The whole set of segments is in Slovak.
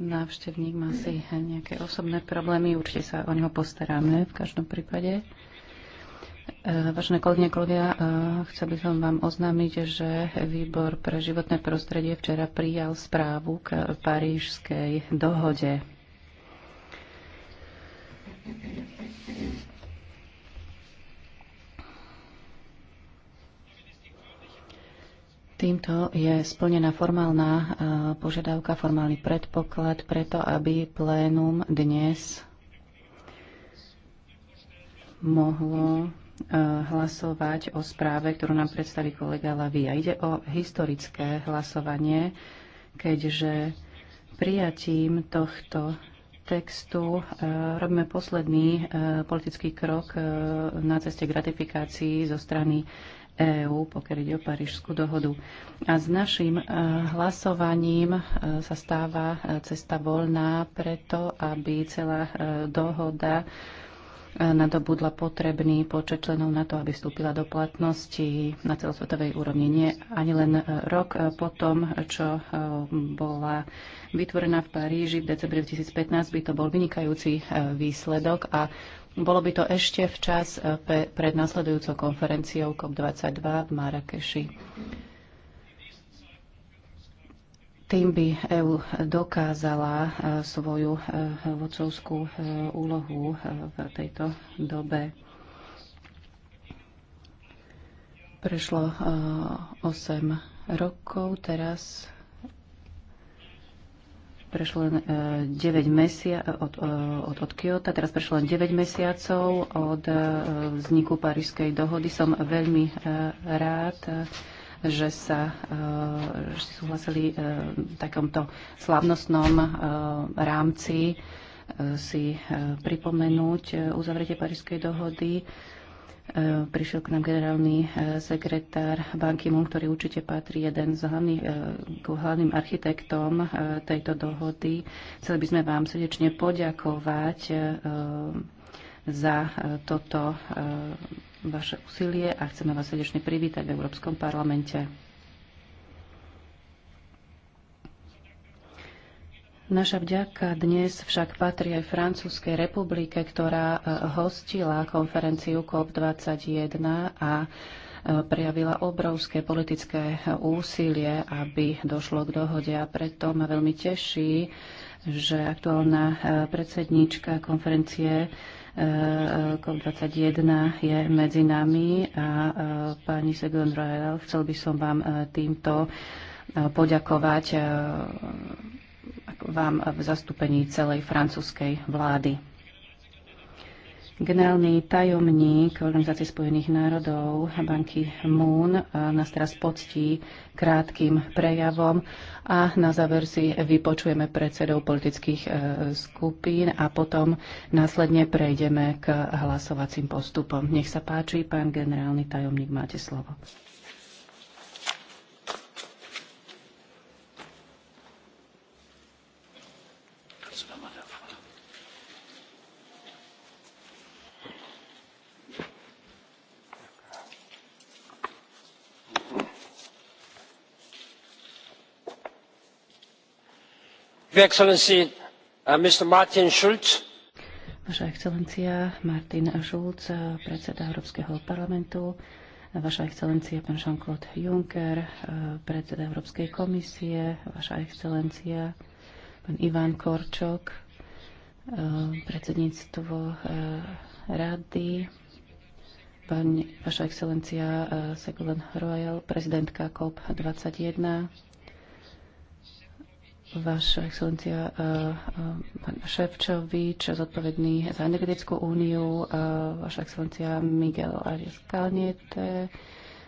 návštevník má si nejaké osobné problémy, určite sa o neho postaráme v každom prípade. E, vážené kolegyne, kolegovia, e, chcel by som vám oznámiť, že Výbor pre životné prostredie včera prijal správu k Parížskej dohode. Týmto je splnená formálna eh, požiadavka, formálny predpoklad preto, aby plénum dnes mohlo eh, hlasovať o správe, ktorú nám predstaví kolega Lavia. Ide o historické hlasovanie, keďže prijatím tohto textu eh, robíme posledný politický krok na ceste k ratifikácii zo strany EÚ, pokiaľ ide o Parížskú dohodu. A s našim eh, hlasovaním eh, sa stáva eh, cesta voľná preto, aby celá dohoda nadobudla potrebný počet členov na to, aby vstúpila do platnosti na celosvetovej úrovni. Nie ani len rok po tom, čo bola vytvorená v Paríži v decembri 2015, by to bol vynikajúci výsledok a bolo by to ešte včas eh, pred nasledujúcou konferenciou COP22 v Marrakeši. Tým by EU dokázala eh, svoju eh, vodcovskú úlohu v tejto dobe. Prešlo 8 rokov, teraz prešlo len 9 e, mesia- e, od, e, od, od Kyoto, teraz prešlo len 9 mesiacov od vzniku Parížskej dohody. Som veľmi rád, že sa že súhlasili v takomto slávnostnom rámci si pripomenúť uzavretie Parížskej dohody E, prišiel k nám generálny e, sekretár Banky Mun, ktorý určite patrí jeden z hlavných, e, k hlavným architektom tejto dohody. Chceli by sme vám srdečne poďakovať za toto vaše úsilie a chceme vás srdečne privítať v Európskom parlamente. Naša vďaka dnes však patrí aj Francúzskej republike, ktorá e, hostila konferenciu COP21 a e, prejavila obrovské politické e, úsilie, aby došlo k dohode a preto ma veľmi teší, že aktuálna predsedníčka konferencie COP21 je medzi nami a pani Segundrael, chcel by som vám týmto poďakovať vám v zastúpení celej francúzskej vlády. Generálny tajomník Organizácie spojených národov banky Moon nás teraz poctí krátkým prejavom a na záver si vypočujeme predsedov politických e, skupín a potom následne prejdeme k hlasovacím postupom. Nech sa páči, pán generálny tajomník, máte slovo. Uh, vaša excelencia Martin Schulz, uh, predseda Európskeho parlamentu. Vaša excelencia pán Jean-Claude Juncker, uh, predseda Európskej komisie. Vaša excelencia pán Ivan Korčok, predsedníctvo rady. Pani, vaša excelencia Ségolène Royal, prezidentka COP21, Vaša excelencia eh, eh, pán Ševčovič, zodpovedný za energetickú úniu, eh, vaša excelencia Miguel Arias Kalniete,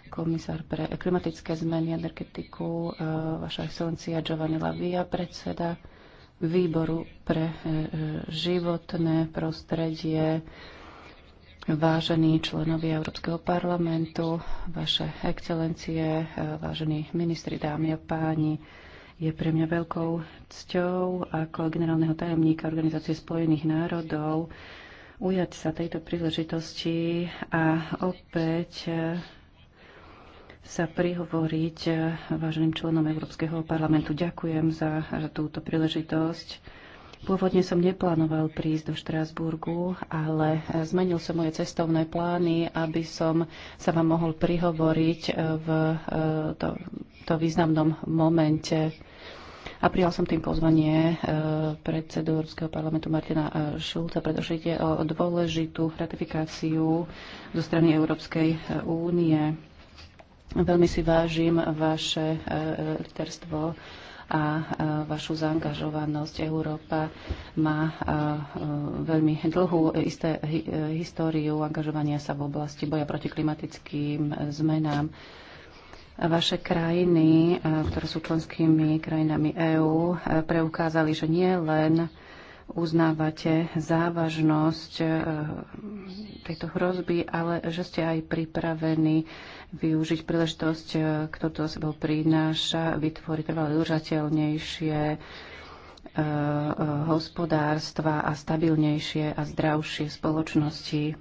komisár pre klimatické zmeny, energetiku, vaša excelencia Giovanni Lavia, predseda výboru pre životné prostredie, vážení členovia Európskeho parlamentu, vaše excelencie, vážení ministri, dámy a páni, je pre mňa veľkou cťou ako generálneho tajomníka Organizácie spojených národov ujať sa tejto príležitosti a opäť e, sa prihovoriť e, váženým členom Európskeho parlamentu. Ďakujem za túto príležitosť. Pôvodne som neplánoval prísť do Štrásburgu, ale e, zmenil som moje cestovné plány, aby som sa vám mohol prihovoriť v to, to významnom momente a prijal som tým pozvanie e, predsedu Európskeho parlamentu Martina e, Šulca, pretože ide o dôležitú ratifikáciu zo strany Európskej e, únie. Veľmi si vážim vaše literstvo a vašu zaangažovanosť. Európa má veľmi dlhú isté históriu angažovania sa v oblasti boja proti klimatickým zmenám vaše krajiny, e, ktoré sú členskými krajinami EÚ, e, preukázali, že nie len uznávate závažnosť e, tejto hrozby, ale že ste aj pripravení využiť príležitosť, ktorú to sebou prináša, vytvoriť trvalé udržateľnejšie hospodárstva a stabilnejšie a zdravšie spoločnosti.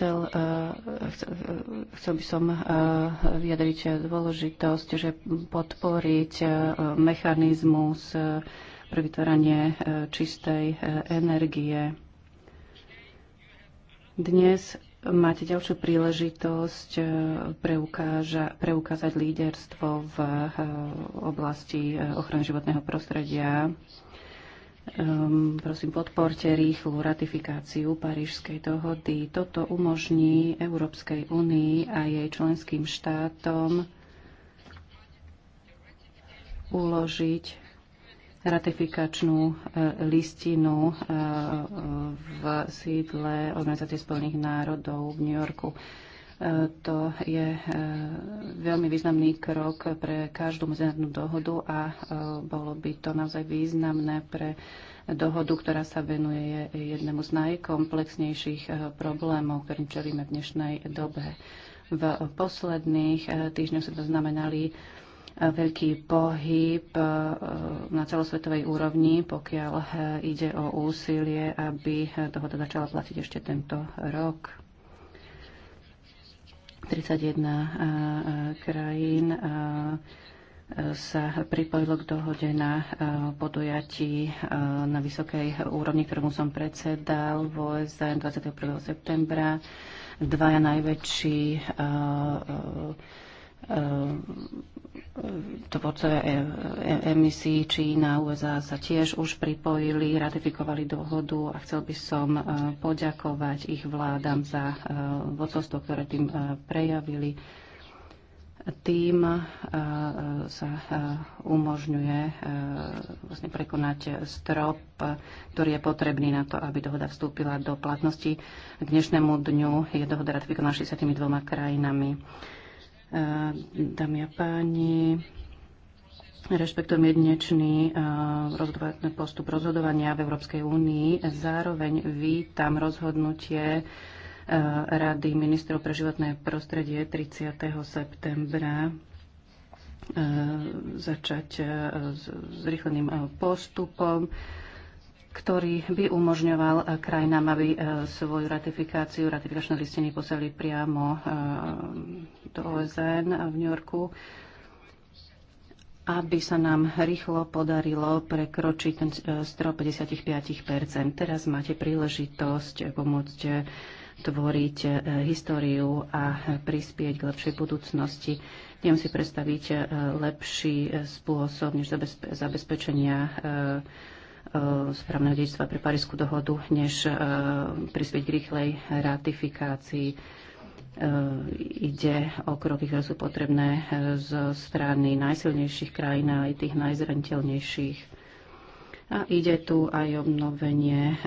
chcel, eh, eh, chcel, by som eh, vyjadriť dôležitosť, že podporiť mechanizmus pre vytváranie čistej energie. Dnes máte ďalšiu príležitosť preukáža, preukázať líderstvo v oblasti ochrany životného prostredia Um, prosím, podporte rýchlu ratifikáciu Parížskej dohody. Toto umožní Európskej únii a jej členským štátom uložiť ratifikačnú eh, listinu eh, v sídle Organizácie spojených národov v New Yorku. To je eh, veľmi významný krok pre každú medzinárodnú dohodu a eh, bolo by to naozaj významné pre dohodu, ktorá sa venuje jednému z najkomplexnejších eh, problémov, ktorým čelíme v dnešnej dobe. V posledných týždňoch sa to znamenali veľký pohyb na celosvetovej úrovni, pokiaľ ide o úsilie, aby dohoda začala platiť ešte tento rok. 31 eh, eh, krajín eh, sa pripojilo k dohode na podujatí na vysokej úrovni, ktorému som predsedal v OSN 21. septembra. Dvaja najväčší E, tvorcovia e, e, emisí Čína, USA sa tiež už pripojili, ratifikovali dohodu a chcel by som poďakovať ich vládam za vodcovstvo, ktoré tým prejavili. Tým sa umožňuje vlastne prekonať strop, ktorý je potrebný na to, aby dohoda vstúpila do platnosti. K dnešnému dňu je dohoda ratifikovaná 62 krajinami. Eh, dámy a páni, rešpektujem jedinečný eh, postup rozhodovania v Európskej únii. Zároveň vítam rozhodnutie eh, Rady ministrov pre životné prostredie 30. septembra začať s zrýchleným postupom ktorý by umožňoval eh, krajinám, aby eh, svoju ratifikáciu, ratifikačné listiny poslali priamo eh, do OSN v New Yorku, aby sa nám rýchlo podarilo prekročiť ten strop 55 Teraz máte príležitosť pomôcť tvoriť históriu a prispieť k lepšej budúcnosti. Viem si predstaviť lepší spôsob než zabezpečenia E, správneho dedičstva pre Parísku dohodu, než e, prispieť k rýchlej ratifikácii. E, ide o kroky, ktoré sú potrebné zo strany najsilnejších krajín a aj tých najzraniteľnejších. A ide tu aj obnovenie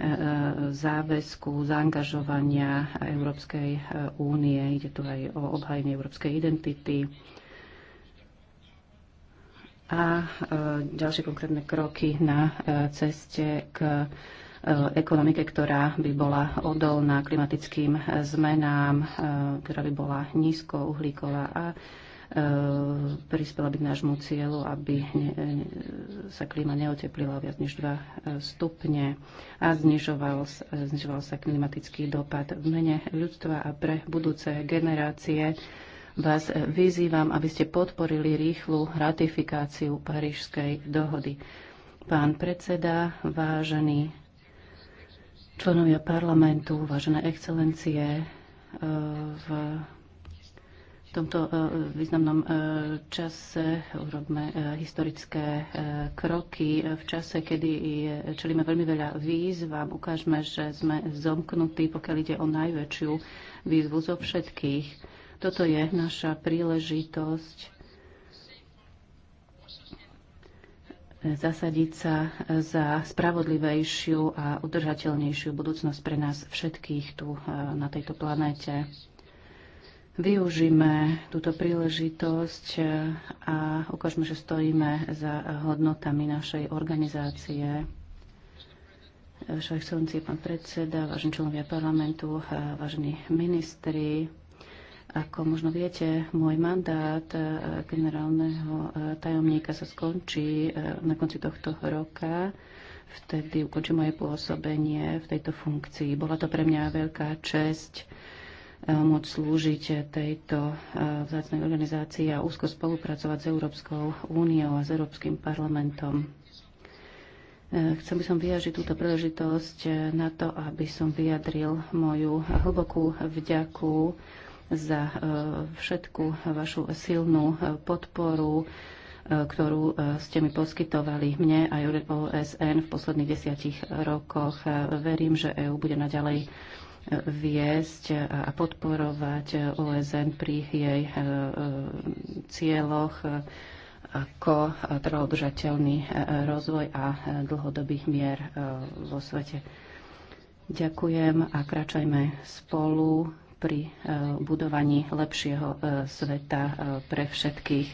záväzku, zaangažovania Európskej únie, ide tu aj o obhajenie európskej identity, a e, ďalšie konkrétne kroky na e, ceste k e, ekonomike, ktorá by bola odolná klimatickým zmenám, ktorá by bola nízkouhlíková a prispela by k nášmu cieľu, aby sa klíma neoteplila viac než 2 stupne a znižoval, znižoval sa klimatický dopad v mene ľudstva a pre budúce generácie vás vyzývam, aby ste podporili rýchlu ratifikáciu Parížskej dohody. Pán predseda, vážení členovia parlamentu, vážené excelencie, e, v tomto e, významnom e, čase urobme historické kroky v čase, kedy čelíme veľmi veľa výzvam. Ukážme, že sme zomknutí, pokiaľ ide o najväčšiu výzvu zo všetkých toto je naša príležitosť zasadiť sa za spravodlivejšiu a udržateľnejšiu budúcnosť pre nás všetkých tu eh, na tejto planéte. Využíme túto príležitosť eh, a ukážme, že stojíme za hodnotami našej organizácie. Vaša excelencie, pán predseda, vážení členovia parlamentu, eh, vážení ministri, ako možno viete, môj mandát e, generálneho e, tajomníka sa skončí e, na konci tohto roka. Vtedy ukončím moje pôsobenie v tejto funkcii. Bola to pre mňa veľká česť môcť slúžiť tejto vzácnej organizácii a úzko spolupracovať s Európskou úniou a s Európskym parlamentom. Chcem by som vyjažiť túto príležitosť na to, aby som vyjadril moju hlbokú vďaku za e, všetku vašu silnú e, podporu, e, ktorú ste mi poskytovali mne aj OSN v posledných desiatich rokoch. Verím, že EÚ bude naďalej viesť a podporovať OSN pri jej cieľoch ako trvodržateľný rozvoj a dlhodobý mier vo svete. Ďakujem a kračajme spolu pri e, budovaní lepšieho e, sveta e, pre všetkých.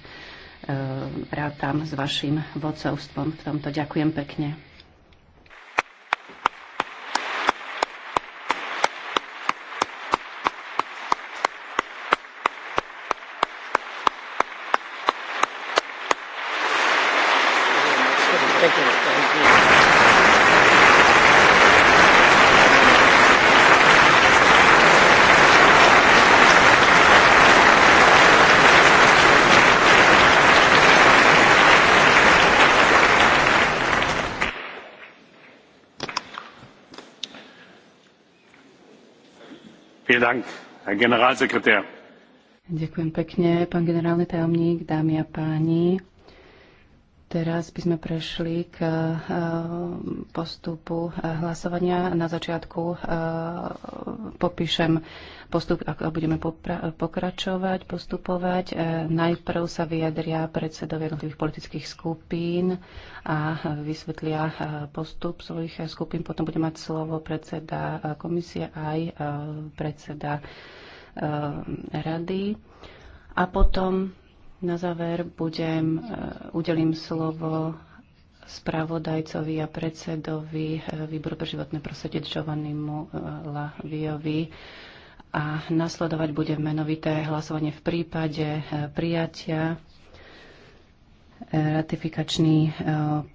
Rátam s vašim vodcovstvom v tomto. Ďakujem pekne. Ďakujem pekne, pán generálny tajomník, dámy a páni. Teraz by sme prešli k eh, postupu eh, hlasovania. Na začiatku eh, popíšem postup, ako budeme pokračovať, postupovať. Najprv sa vyjadria predsedovia jednotlivých politických skupín a vysvetlia postup svojich skupín. Potom bude mať slovo predseda komisie aj predseda rady. A potom na záver budem, eh, udelím slovo spravodajcovi a predsedovi eh, Výboru pre životné prostredie Giovannimu eh, Laviovi a nasledovať bude menovité hlasovanie v prípade prijatia. Ratifikačný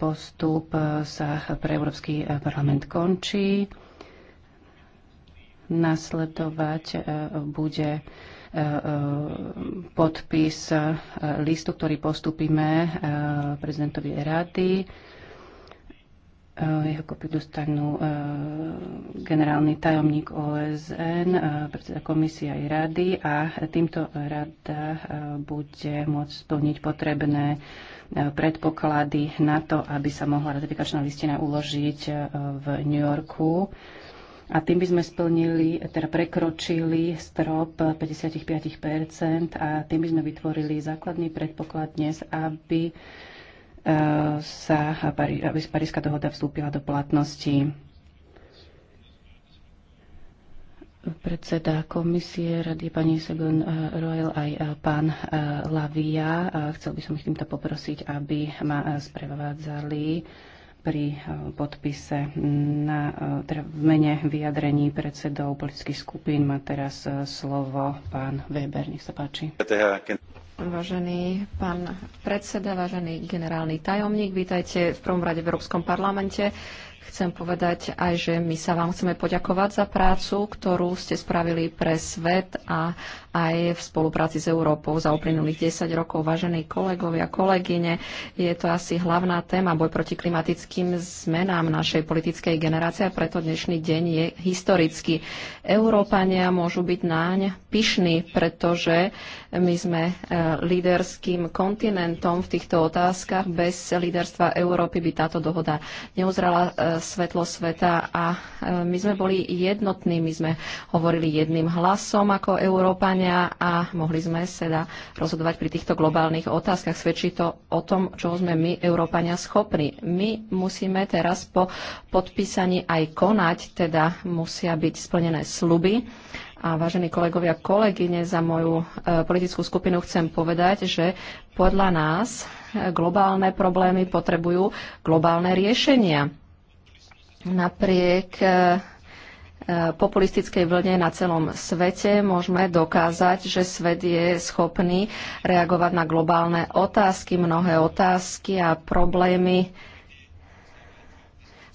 postup sa pre Európsky parlament končí. Nasledovať bude E, e, podpis e, listu, ktorý postupíme prezidentovi rady. Jeho kopiu dostanú generálny tajomník OSN, predseda komisie aj rady a týmto rada bude môcť splniť potrebné predpoklady na to, aby sa mohla ratifikačná listina uložiť v New Yorku a tým by sme splnili, teda prekročili strop 55 a tým by sme vytvorili základný predpoklad dnes, aby e, sa aby Paríska dohoda vstúpila do platnosti. Predseda komisie rady pani Segun e, Royal aj e, pán Lavia. Chcel by som ich týmto poprosiť, aby ma sprevádzali pri eh, podpise na, eh, teda v mene vyjadrení predsedov politických skupín má teraz eh, slovo pán Weber. Nech sa páči. Vážený pán predseda, vážený generálny tajomník, vítajte v prvom rade v Európskom parlamente. Chcem povedať aj, že my sa vám chceme poďakovať za prácu, ktorú ste spravili pre svet a aj v spolupráci s Európou za uplynulých 10 rokov. Vážení kolegovia, kolegyne, je to asi hlavná téma boj proti klimatickým zmenám našej politickej generácie a preto dnešný deň je historický. Európania môžu byť náň pyšní, pretože my sme eh, líderským kontinentom v týchto otázkach. Bez líderstva Európy by táto dohoda neuzrala e, svetlo sveta a e, my sme boli jednotní, my sme hovorili jedným hlasom ako Európania a mohli sme sa rozhodovať pri týchto globálnych otázkach. Svedčí to o tom, čo sme my, Európania, schopní. My musíme teraz po podpísaní aj konať, teda musia byť splnené sluby a vážení kolegovia, kolegyne, za moju e, politickú skupinu chcem povedať, že podľa nás e, globálne problémy potrebujú globálne riešenia. Napriek e, populistickej vlne na celom svete môžeme dokázať, že svet je schopný reagovať na globálne otázky, mnohé otázky a problémy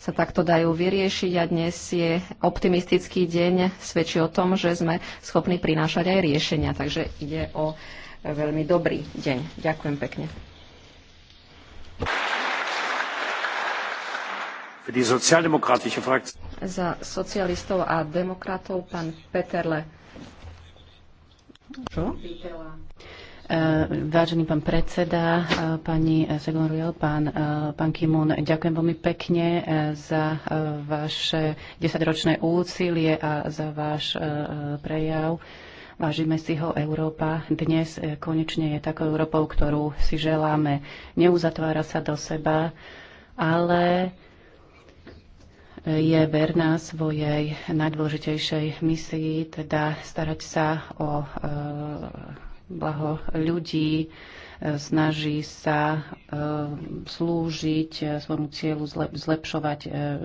sa takto dajú vyriešiť a dnes je optimistický deň, svedčí o tom, že sme schopní prinášať aj riešenia. Takže ide o veľmi dobrý deň. Ďakujem pekne. Za socialistov a demokratov pán Peterle. Čo? Eh, vážený pán predseda, eh, pani Segon Riel, pán, eh, pán Kimun, ďakujem veľmi pekne za vaše desaťročné úsilie a za váš prejav. Vážime si ho Európa. Dnes konečne je takou Európou, ktorú si želáme. Neuzatvára sa do seba, ale je verná svojej najdôležitejšej misii, teda starať sa o blaho ľudí, e, snaží sa e, slúžiť e, svojmu cieľu zlepšovať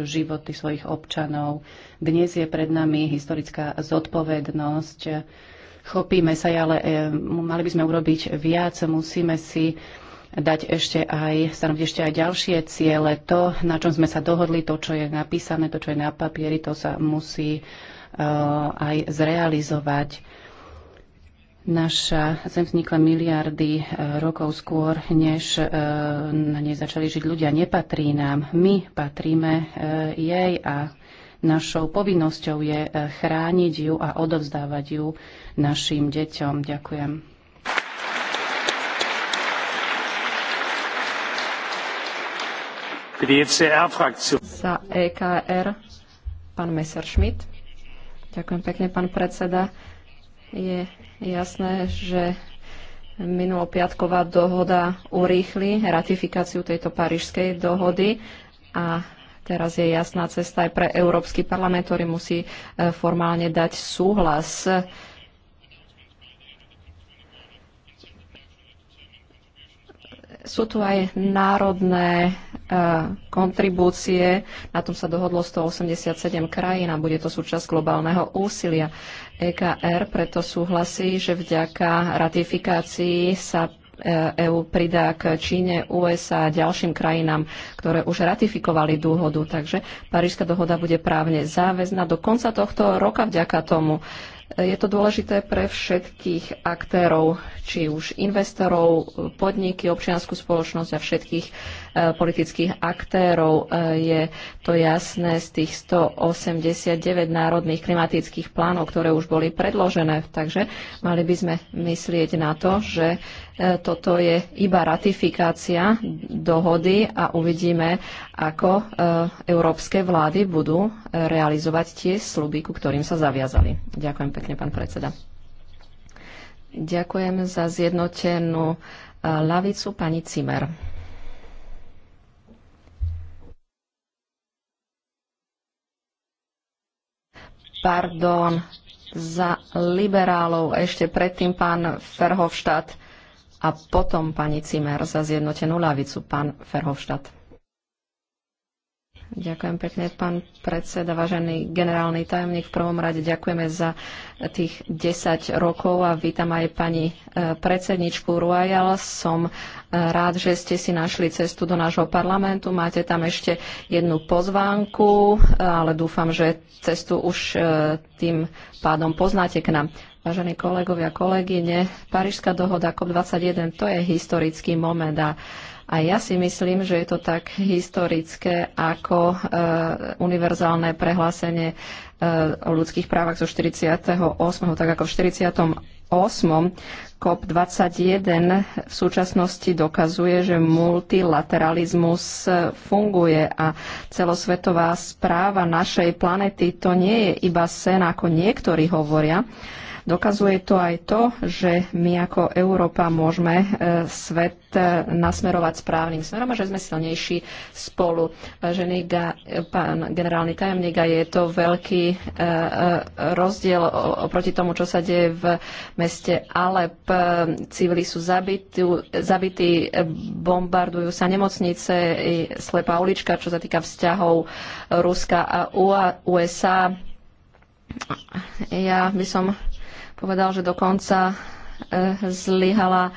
životy svojich občanov. Dnes je pred nami historická zodpovednosť. Chopíme sa, ale mali by sme urobiť viac, musíme si dať ešte aj, stanoviť ešte aj ďalšie ciele. To, na čom sme sa dohodli, to, čo je napísané, to, čo je na papieri, to sa musí aj zrealizovať Naša zem vznikla miliardy e, rokov skôr, než e, na nej začali žiť ľudia. Nepatrí nám. My patríme e, jej a našou povinnosťou je chrániť ju a odovzdávať ju našim deťom. Ďakujem. Za EKR pán Messerschmidt. Ďakujem pekne, pán predseda. Je jasné, že minulopiatková dohoda urýchli ratifikáciu tejto parížskej dohody a teraz je jasná cesta aj pre Európsky parlament, ktorý musí e, formálne dať súhlas sú tu aj národné e, kontribúcie, na tom sa dohodlo 187 krajín a bude to súčasť globálneho úsilia. EKR preto súhlasí, že vďaka ratifikácii sa EÚ e pridá k Číne, USA a ďalším krajinám, ktoré už ratifikovali dohodu. Takže Parížska dohoda bude právne záväzná do konca tohto roka vďaka tomu. E, je to dôležité pre všetkých aktérov, či už investorov, podniky, občianskú spoločnosť a všetkých Eh, politických aktérov. Eh, je to jasné z tých 189 národných klimatických plánov, ktoré už boli predložené. Takže mali by sme myslieť na to, že eh, toto je iba ratifikácia dohody a uvidíme, ako európske vlády budú realizovať tie sluby, ku ktorým sa zaviazali. Ďakujem pekne, pán predseda. Ďakujem za zjednotenú lavicu pani Cimer. pardon, za liberálov, ešte predtým pán Ferhovštát a potom pani Cimer za zjednotenú Lavicu. pán Ferhovštát. Ďakujem pekne, pán predseda, vážený generálny tajomník. V prvom rade ďakujeme za tých 10 rokov a vítam aj pani e, predsedničku Ruajal. Som e, rád, že ste si našli cestu do nášho parlamentu. Máte tam ešte jednu pozvánku, e, ale dúfam, že cestu už tým pádom poznáte k nám. Vážení kolegovia, kolegyne, Parížská dohoda COP21 to je historický moment a a ja si myslím, že je to tak historické ako e, univerzálne prehlásenie e, o ľudských právach zo 48. tak ako v 48. COP21 v súčasnosti dokazuje, že multilateralizmus e, funguje a celosvetová správa našej planety to nie je iba sen, ako niektorí hovoria, Dokazuje to aj to, že my ako Európa môžeme e, svet e, nasmerovať správnym smerom a že sme silnejší spolu. Vážený pán generálny tajomník, a je to veľký e, rozdiel oproti tomu, čo sa deje v meste Alep. Civili sú zabití, zabití bombardujú sa nemocnice, slepá ulička, čo sa týka vzťahov Ruska a USA. Ja by som povedal, že dokonca e, zlyhala e,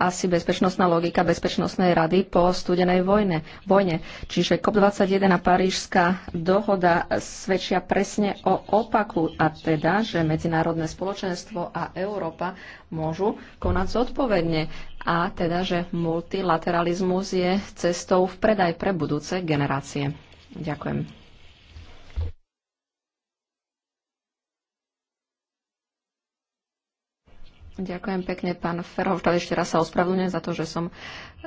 asi bezpečnostná logika Bezpečnostnej rady po studenej vojne. vojne. Čiže COP21 a Parížská dohoda svedčia presne o opaku, a teda, že medzinárodné spoločenstvo a Európa môžu konať zodpovedne a teda, že multilateralizmus je cestou v predaj pre budúce generácie. Ďakujem. Ďakujem pekne, pán Ferhovštad. Ešte raz sa ospravedlňujem za to, že som e,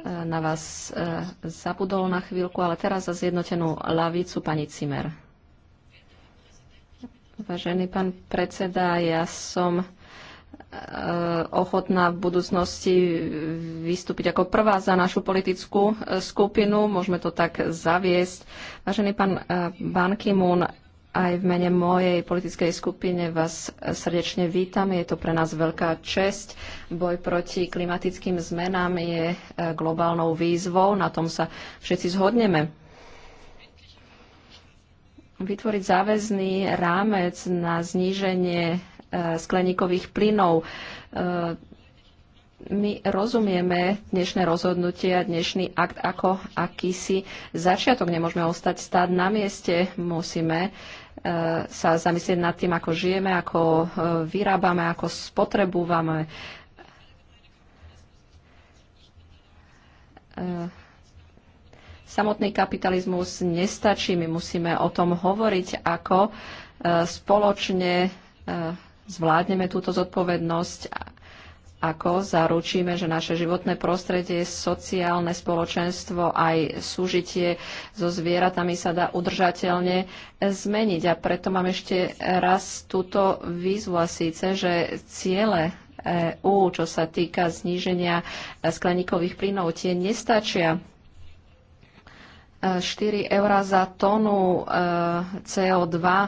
na vás e, zabudol na chvíľku, ale teraz za zjednotenú lavicu pani Cimer. Vážený pán predseda, ja som e, ochotná v budúcnosti vystúpiť ako prvá za našu politickú skupinu. Môžeme to tak zaviesť. Vážený pán Ban Ki-moon, aj v mene mojej politickej skupine vás srdečne vítam. Je to pre nás veľká česť. Boj proti klimatickým zmenám je e, globálnou výzvou, na tom sa všetci zhodneme. Vytvoriť záväzný rámec na zníženie e, skleníkových plynov e, my rozumieme dnešné rozhodnutie a dnešný akt ako akýsi začiatok. Nemôžeme ostať stáť na mieste, musíme E, sa zamyslieť nad tým, ako žijeme, ako e, vyrábame, ako spotrebúvame. E, samotný kapitalizmus nestačí, my musíme o tom hovoriť, ako spoločne zvládneme túto zodpovednosť ako zaručíme, že naše životné prostredie, sociálne spoločenstvo, aj súžitie so zvieratami sa dá udržateľne zmeniť. A preto mám ešte raz túto výzvu a síce, že ciele EÚ, čo sa týka zníženia skleníkových plynov, tie nestačia 4 eurá za tonu eh, CO2, eh,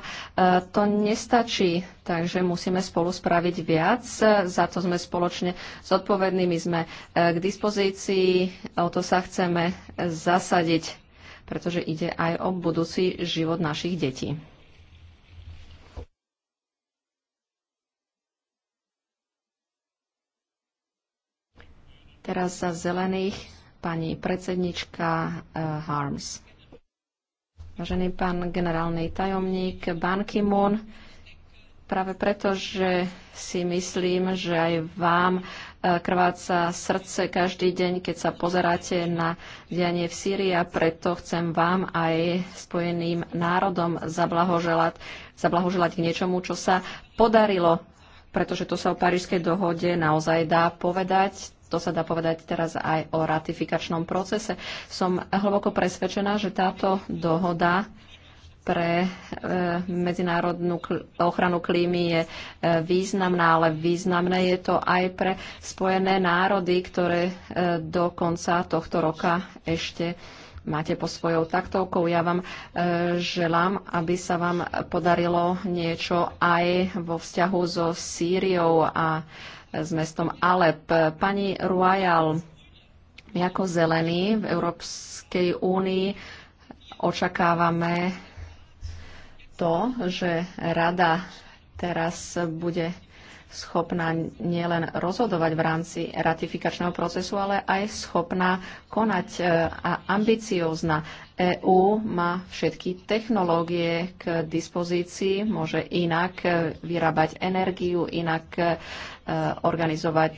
to nestačí, takže musíme spolu spraviť viac. Za to sme spoločne zodpovední, my sme eh, k dispozícii, o to sa chceme zasadiť, pretože ide aj o budúci život našich detí. Teraz za zelených pani predsednička eh, Harms. Vážený pán generálny tajomník Ban Ki-moon, práve preto, že si myslím, že aj vám eh, krváca srdce každý deň, keď sa pozeráte na dianie v Sýrii a preto chcem vám aj Spojeným národom zablahoželať, zablahoželať k niečomu, čo sa podarilo pretože to sa o Parížskej dohode naozaj dá povedať to sa dá povedať teraz aj o ratifikačnom procese. Som hlboko presvedčená, že táto dohoda pre e, medzinárodnú ochranu klímy je e, významná, ale významné je to aj pre Spojené národy, ktoré e, do konca tohto roka ešte máte po svojou taktovkou. Ja vám želám, aby sa vám podarilo niečo aj vo vzťahu so Sýriou a s mestom Alep. Pani Ruajal, my ako zelení v Európskej únii očakávame to, že rada teraz bude schopná nielen rozhodovať v rámci ratifikačného procesu, ale aj schopná konať e, a ambiciózna. EÚ má všetky technológie k dispozícii, môže inak e, vyrábať energiu, inak e, organizovať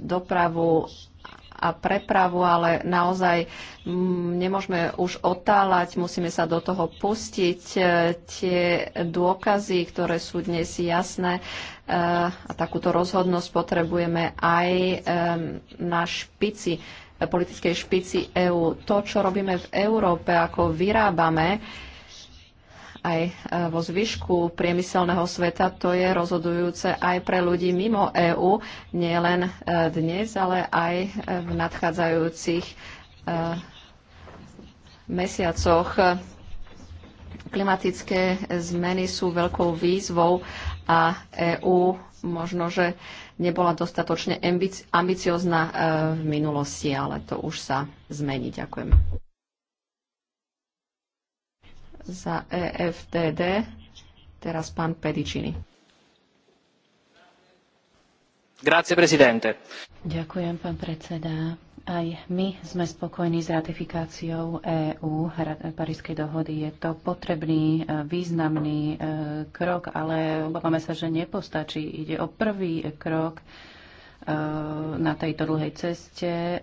dopravu, a prepravu, ale naozaj mm, nemôžeme už otáľať, musíme sa do toho pustiť. E, tie dôkazy, ktoré sú dnes jasné, e, a takúto rozhodnosť potrebujeme aj e, na špici politickej špici EÚ. To, čo robíme v Európe, ako vyrábame, aj e, vo zvyšku priemyselného sveta, to je rozhodujúce aj pre ľudí mimo EÚ, nielen e, dnes, ale aj e, v nadchádzajúcich mesiacoch. Klimatické zmeny sú veľkou výzvou a EÚ možno, že nebola dostatočne ambiciozná v minulosti, ale to už sa zmení. Ďakujem za EFTD. Teraz pán Pedicini. Grazie, presidente. Ďakujem, pán predseda. Aj my sme spokojní s ratifikáciou EÚ Parískej dohody. Je to potrebný, e, významný e, krok, ale obávame sa, že nepostačí. Ide o prvý krok na tejto dlhej ceste, e,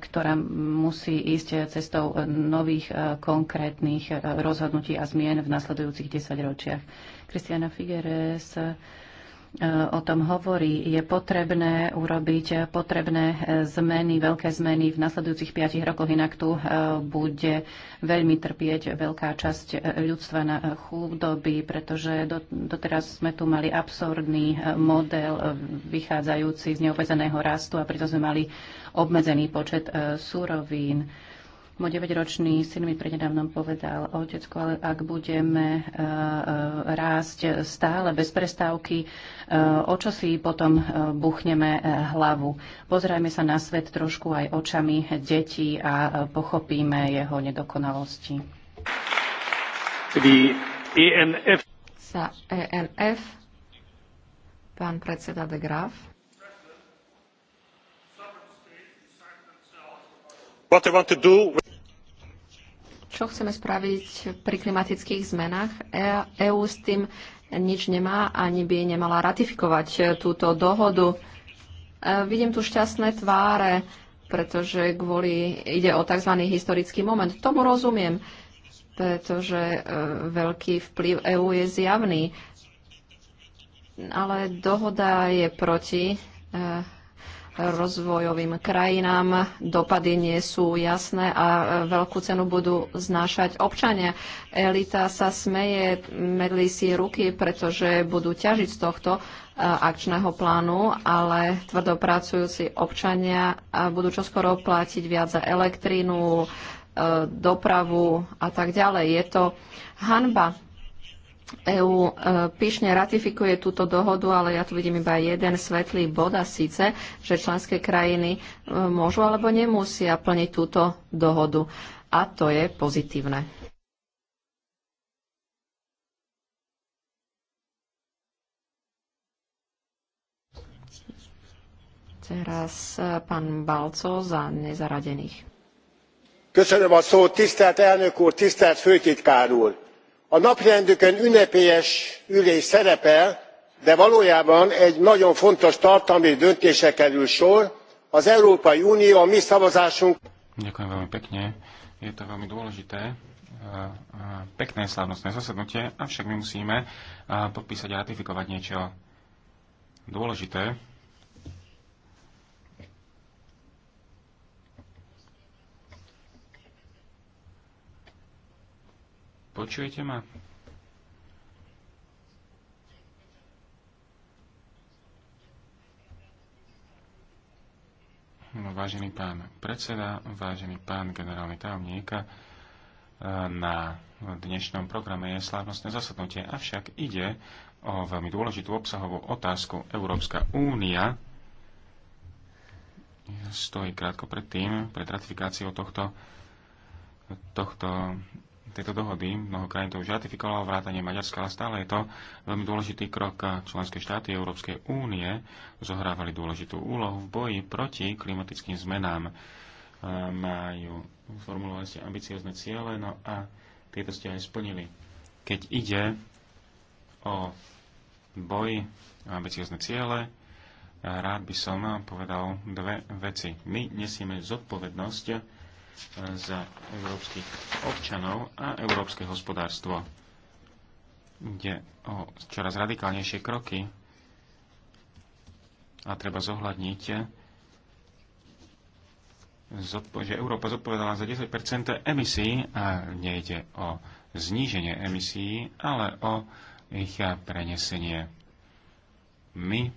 ktorá musí ísť cestou nových e, konkrétnych e, rozhodnutí a zmien v nasledujúcich desaťročiach. Kristiana Figueres o tom hovorí, je potrebné urobiť potrebné zmeny, veľké zmeny v nasledujúcich 5 rokoch, inak tu e, bude veľmi trpieť veľká časť e, ľudstva na chudoby, pretože doteraz sme tu mali absurdný e, model vychádzajúci z neobmedzeného rastu a preto sme mali obmedzený počet surovín môj 9-ročný syn mi prednedávnom povedal, otecko, ale ak budeme e, e, rásť stále bez prestávky, e, o čo si potom buchneme hlavu. Pozrajme sa na svet trošku aj očami detí a pochopíme jeho nedokonalosti. ENF. ENF pán predseda de Graaf. what they want to do čo chceme spraviť pri klimatických zmenách. EÚ e s tým nič nemá, ani by nemala ratifikovať túto dohodu. E, vidím tu šťastné tváre, pretože kvôli ide o tzv. historický moment. Tomu rozumiem, pretože e, veľký vplyv EÚ je zjavný. Ale dohoda je proti rozvojovým krajinám. Dopady nie sú jasné a veľkú cenu budú znášať občania. Elita sa smeje, medlí si ruky, pretože budú ťažiť z tohto eh, akčného plánu, ale tvrdopracujúci občania eh, budú čoskoro platiť viac za elektrínu, eh, dopravu a tak ďalej. Je to hanba EÚ e, píšne ratifikuje túto dohodu, ale ja tu vidím iba jeden svetlý bod a síce, že členské krajiny e, môžu alebo nemusia plniť túto dohodu. A to je pozitívne. Teraz e, pán Balco za nezaradených. Köszönöm a szót, tisztelt elnök úr, tisztelt főtitkár úr! a napirendükön ünnepélyes ülés szerepel de valójában egy nagyon fontos tartalmi döntésre kerül sor az európai unió a mi szavazásunk. Ďakujem veľmi pekne. Je to veľmi dôležité pekné slávnostné zasadnutie, avšak my musíme podpísať a ratifikovať niečo dôležité, Počujete ma? No, vážený pán predseda, vážený pán generálny tajomník, eh, na dnešnom programe je slávnostné zasadnutie, avšak ide o veľmi dôležitú obsahovú otázku. Európska únia stojí krátko pred tým, pred ratifikáciou tohto, tohto tejto dohody. Mnoho krajín to už ratifikovalo, vrátanie Maďarska, ale stále je to veľmi dôležitý krok. Členské štáty Európskej únie zohrávali dôležitú úlohu v boji proti klimatickým zmenám. Majú formulovali ste ambiciozne ciele, no a tieto ste aj splnili. Keď ide o boj o ambiciozne ciele, rád by som povedal dve veci. My nesieme zodpovednosť za európskych občanov a európske hospodárstvo. Ide o čoraz radikálnejšie kroky a treba zohľadniť, že Európa zodpovedala za 10 emisí a nejde o zníženie emisí, ale o ich prenesenie. My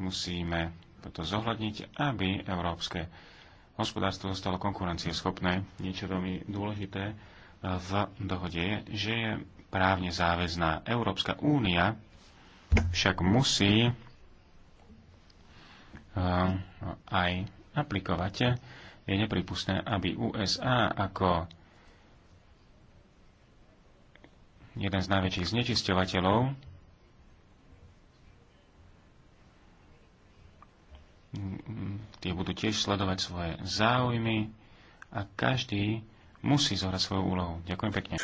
musíme toto zohľadniť, aby európske hospodárstvo zostalo konkurencieschopné. Niečo veľmi dôležité e, v dohode je, že je právne záväzná. Európska únia však musí e, aj aplikovať. Je nepripustné, aby USA ako jeden z najväčších znečisťovateľov tie budú tiež sledovať svoje záujmy a každý musí zohrať svoju úlohu. Ďakujem pekne.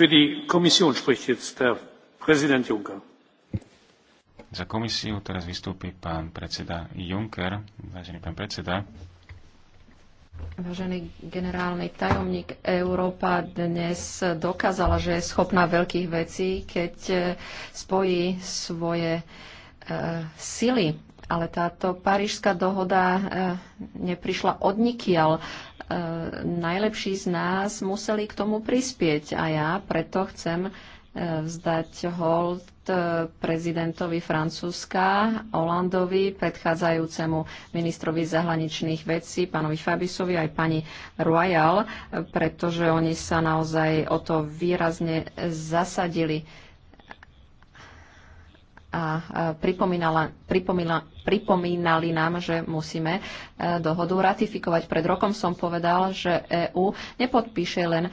Za komisiu teraz vystúpi pán predseda Juncker. Vážený pán predseda. Vážený generálny tajomník, Európa dnes dokázala, že je schopná veľkých vecí, keď eh, spojí svoje e, sily ale táto parížská dohoda e, neprišla od nikiaľ. E, najlepší z nás museli k tomu prispieť a ja preto chcem e, vzdať hold prezidentovi Francúzska, Holandovi, predchádzajúcemu ministrovi zahraničných vecí, pánovi Fabisovi aj pani Royal, pretože oni sa naozaj o to výrazne zasadili a pripomínala, pripomínala, pripomínali nám, že musíme e, dohodu ratifikovať. Pred rokom som povedal, že EÚ nepodpíše len e,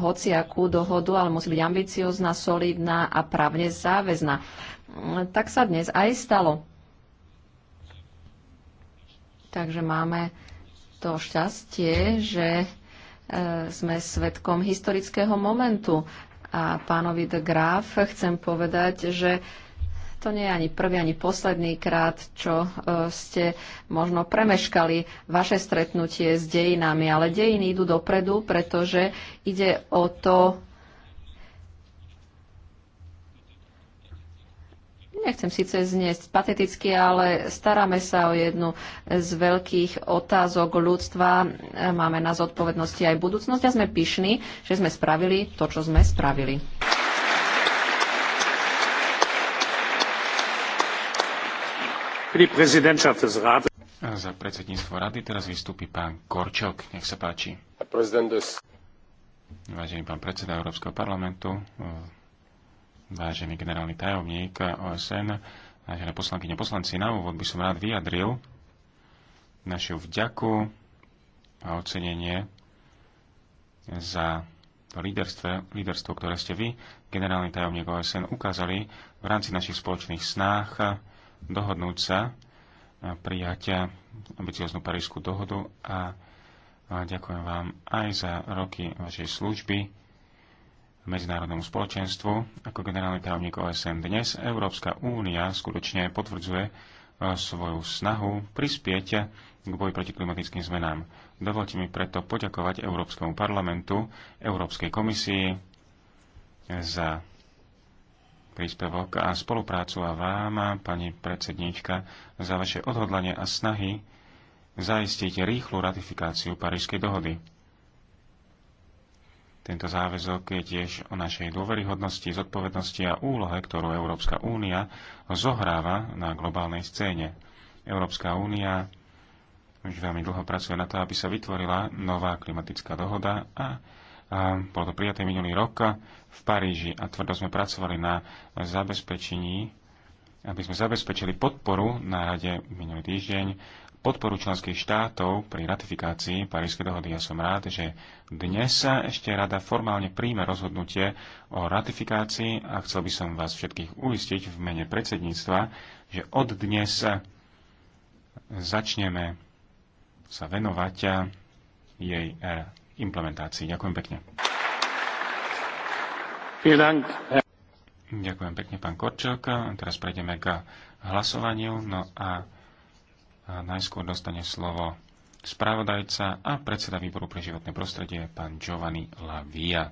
hociakú dohodu, ale musí byť ambiciozná, solidná a právne záväzná. Mm, tak sa dnes aj stalo. Takže máme to šťastie, že e, sme svetkom historického momentu. A pánovi de Graf chcem povedať, že to nie je ani prvý, ani posledný krát, čo e, ste možno premeškali vaše stretnutie s dejinami, ale dejiny idú dopredu, pretože ide o to, nechcem síce zniesť pateticky, ale staráme sa o jednu z veľkých otázok ľudstva. Máme na zodpovednosti aj budúcnosť a sme pyšní, že sme spravili to, čo sme spravili. A za predsedníctvo rady teraz vystúpi pán Korčok. Nech sa páči. Vážený pán predseda Európskeho parlamentu, vážený generálny tajomník OSN, vážené poslankyne poslanci, na úvod by som rád vyjadril našu vďaku a ocenenie za to líderstvo, líderstvo ktoré ste vy, generálny tajomník OSN, ukázali v rámci našich spoločných snách dohodnúť sa, prijatia ambicióznu parížskú dohodu a, a ďakujem vám aj za roky vašej služby medzinárodnému spoločenstvu. Ako generálny tajomník OSN dnes Európska únia skutočne potvrdzuje e, svoju snahu prispieť k boji proti klimatickým zmenám. Dovolte mi preto poďakovať Európskemu parlamentu, Európskej komisii za príspevok a spoluprácu a vám, pani predsedníčka, za vaše odhodlanie a snahy zaistiť rýchlu ratifikáciu Parížskej dohody. Tento záväzok je tiež o našej dôveryhodnosti, zodpovednosti a úlohe, ktorú Európska únia zohráva na globálnej scéne. Európska únia už veľmi dlho pracuje na to, aby sa vytvorila nová klimatická dohoda a a bolo to prijaté minulý rok v Paríži a tvrdo sme pracovali na zabezpečení, aby sme zabezpečili podporu na rade minulý týždeň, podporu členských štátov pri ratifikácii Parískej dohody. Ja som rád, že dnes sa ešte rada formálne príjme rozhodnutie o ratifikácii a chcel by som vás všetkých uistiť v mene predsedníctva, že od dnes začneme sa venovať jej implementácii. Ďakujem pekne. Ďakujem pekne, pán Korčok. Teraz prejdeme k hlasovaniu. No a najskôr dostane slovo spravodajca a predseda výboru pre životné prostredie, pán Giovanni Lavia.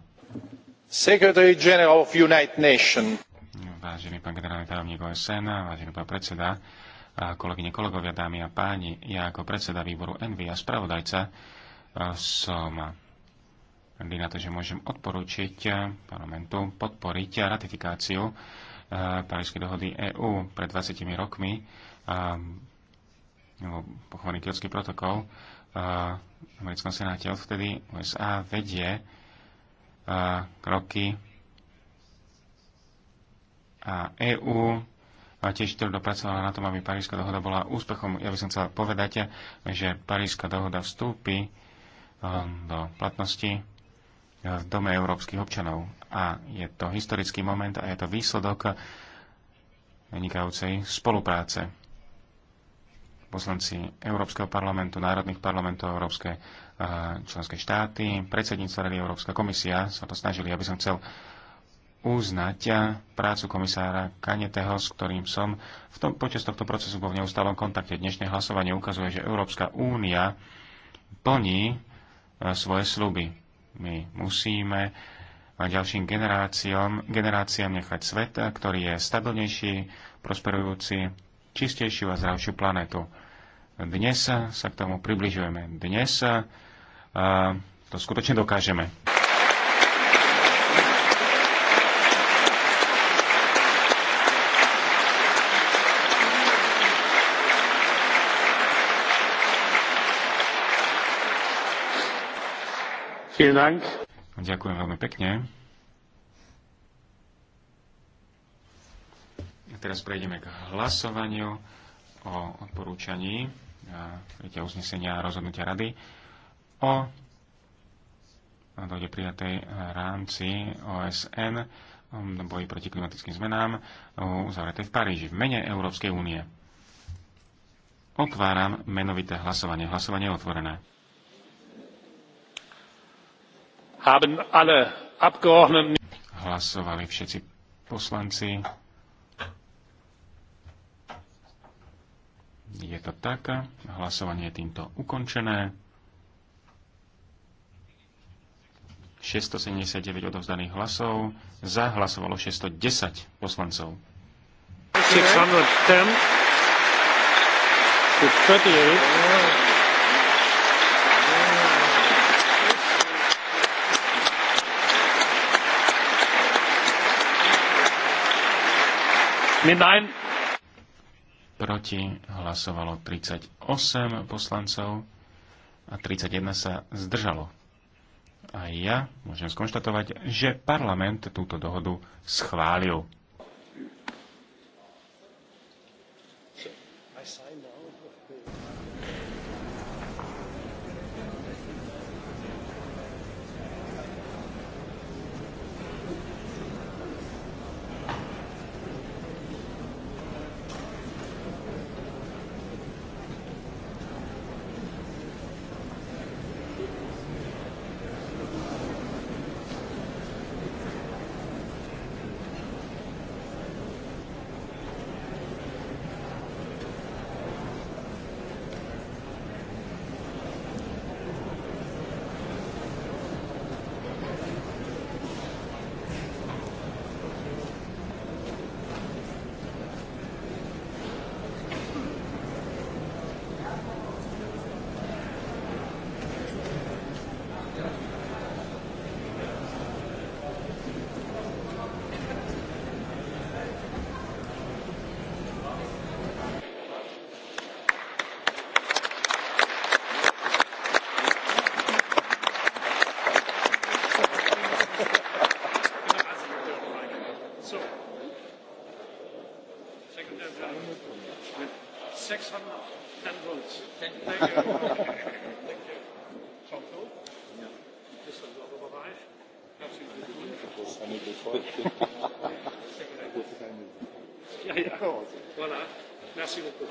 Secretary General of United Nations. Vážený pán generálny tajomník OSN, vážený pán predseda, kolegyne, kolegovia, dámy a páni, ja ako predseda výboru Envy a spravodajca som hrdý na to, že môžem odporučiť eh, parlamentu podporiť ratifikáciu eh, Parížskej dohody EÚ pred 20 rokmi eh, pochovaný kiotský protokol v americkom senáte. Odvtedy USA vedie kroky a EÚ a tiež to dopracovala na tom, aby Paríska dohoda bola úspechom. Ja by som chcel povedať, že Paríska dohoda vstúpi do platnosti e, v Dome európskych občanov. A je to historický moment a je to výsledok vynikajúcej spolupráce. Poslanci Európskeho parlamentu, národných parlamentov, Európske e, členské štáty, predsedníctvo Rady Európska komisia sa to snažili, aby som chcel uznať e, prácu komisára Kaneteho, s ktorým som v tom, počas tohto procesu bol v neustálom kontakte. Dnešné hlasovanie ukazuje, že Európska únia plní svoje sluby. My musíme a ďalším generáciám, generáciám nechať svet, ktorý je stabilnejší, prosperujúci, čistejšiu a zdravšiu planetu. Dnes sa k tomu približujeme. Dnes a, eh, to skutočne dokážeme. Vielen Dank. Ďakujem veľmi pekne. A teraz prejdeme k hlasovaniu o odporúčaní a uznesenia a rozhodnutia rady o dojde prijatej rámci OSN boji proti klimatickým zmenám uzavreté v Paríži v mene Európskej únie. Otváram menovité hlasovanie. Hlasovanie je otvorené. haben alle Abgeordneten. Hlasovali všetci poslanci. Je to tak. Hlasovanie je týmto ukončené. 679 odovzdaných hlasov. Za hlasovalo 610 poslancov. 610 to 38. Proti hlasovalo 38 poslancov a 31 sa zdržalo. A ja môžem skonštatovať, že parlament túto dohodu schválil. années before. ja, ja. Voilà. Merci beaucoup.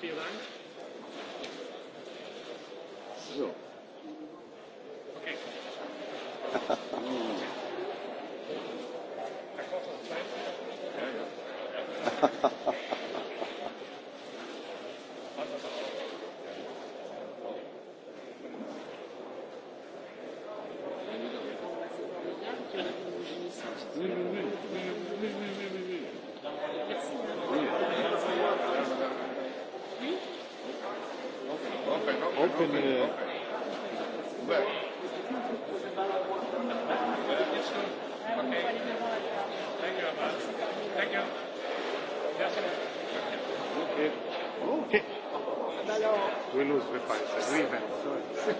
Vielen Dank. So. Okay. mm. we lose the fight agreement. So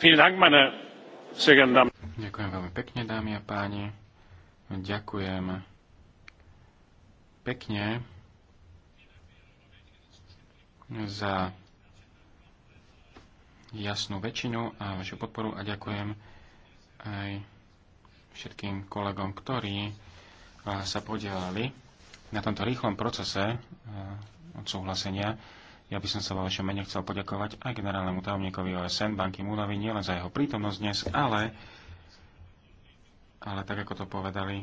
Ďakujem veľmi pekne, dámy a páni. Ďakujem pekne za jasnú väčšinu a vašu podporu a ďakujem aj všetkým kolegom, ktorí sa podielali na tomto rýchlom procese odsúhlasenia ja by som sa vo vašom mene chcel poďakovať aj generálnemu tajomníkovi OSN, Banky Múnovi, nielen za jeho prítomnosť dnes, ale, ale tak ako to povedali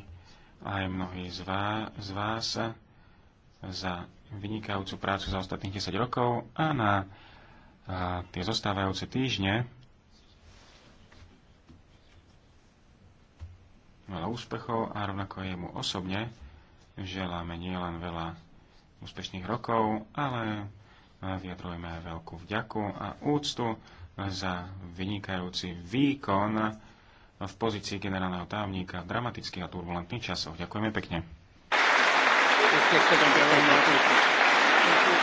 aj mnohí z vás, z vás za vynikajúcu prácu za ostatných 10 rokov a na a tie zostávajúce týždne veľa úspechov a rovnako jemu osobne želáme nielen veľa úspešných rokov, ale vyjadrujeme veľkú vďaku a úctu za vynikajúci výkon v pozícii generálneho tajomníka v dramatických a turbulentných časoch. Ďakujeme pekne. Ďakujem.